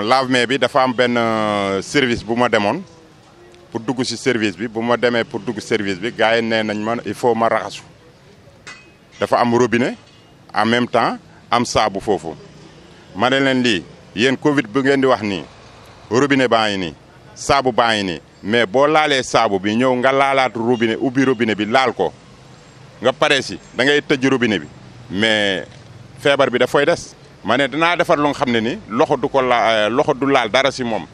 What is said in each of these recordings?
bon lave-mains bi dafa am benn euh, service bu ma demoon pour dugg si service bi bu ma demee pour dugg service bi gars yi nee nañ ma il faut ma raxasu dafa am robinet en même temps am saabu foofu ma ne leen lii yéen Covid bu ngeen di wax nii robine baa ngi nii saabu baa ngi nii mais boo laalee saabu bi ñëw nga laalaat robine ubbi robine bi laal ko nga pare si da ngay tëj robine bi mais feebar bi daf fay des. ma ne danaa defar lu nga xam ne ni loxo du ko la euh, loxo du laal dara si moom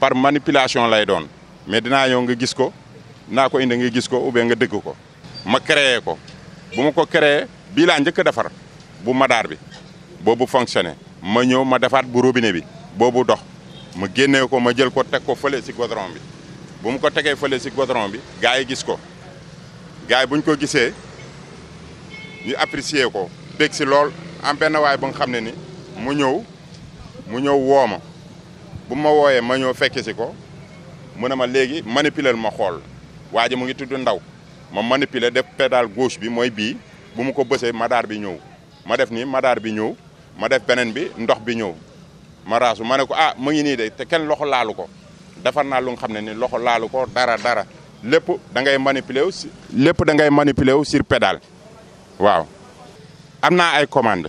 par manipulation lay doon mais dinaa yow nga gis ko naa ko indi nga gis ko ou nga dëgg ko ma créé ko bu ma ko créé bii laa njëkk a defar bu madaar bi boobu fonctionné ma ñëw ma defaat bu robine bi boobu dox ma génnee ko ma jël ko teg ko fële si godron bi bu mu ko tegee fële si godron bi gars yi gis ko gars yi buñ ko gisee ñu apprécier ko bég si lool am benn waay ba nga xam ne ni mu ñëw mu ñëw woo ma bu ma wooyee ma ñëw fekk si ko mu ne ma léegi manipuler ma xool waa ji mu ngi tudd ndaw ma manipuler def pédale gauche bi mooy bii bu mu ko bësee madaar bi ñëw ma def nii madaar bi ñëw ma def beneen bi ndox bi ñëw ma raasu ma ne ko ah ma ngi nii de te kenn loxo laalu ko defar naa lu nga xam ne ni loxo laalu ko dara dara lépp da ngay manipuler wu si lépp dangay ngay manipuler wu sur pédale waaw am naa ay commande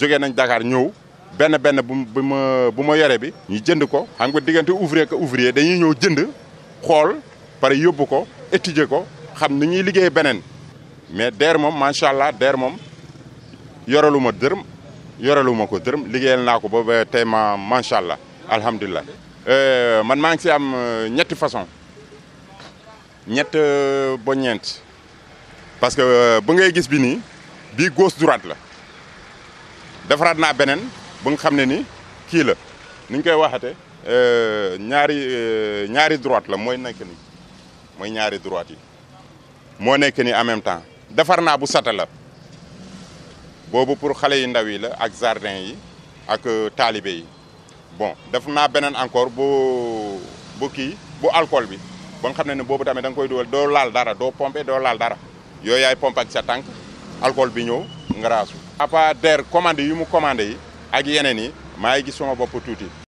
jógee nañ Dakar ñëw benn benn bu ma bu ma yore bi ñu jënd ko xam nga diggante ouvrier que ouvrier dañuy ñëw jënd xool pare yóbbu ko étudier ko xam ni ñuy liggéey beneen mais DER moom macha allah DER moom yoralu ma dërëm yoralu ma ko dërëm liggéeyal naa ko ba tey ma macha allah alhamdulilah. Euh, man maa ngi si am euh, ñetti façon ñett euh, ba ñeent parce que bu ngay gis bi nii bii gauche droite la. defaraat naa beneen bu nga xam ne ni kii la ni ñu koy waxate euh, ñaari euh, ñaari droite la mooy nekk ni mooy ñaari droit yi moo nekk ni en même temps defar naa bu sata la boobu pour xale yu ndaw yi la ak jardin yi ak euh, taalibe yi bon def naa beneen encore bu bu kii bu alcool bi ba nga xam ne ne boobu tamit da koy dugal doo laal dara doo pompe doo laal dara yooyu yaay pompe ak sa tànk alcool bi ñëw ngaraasu APADER commandé yu mu commandé yi ak yeneen yi maa ngi gis sama bopp tuuti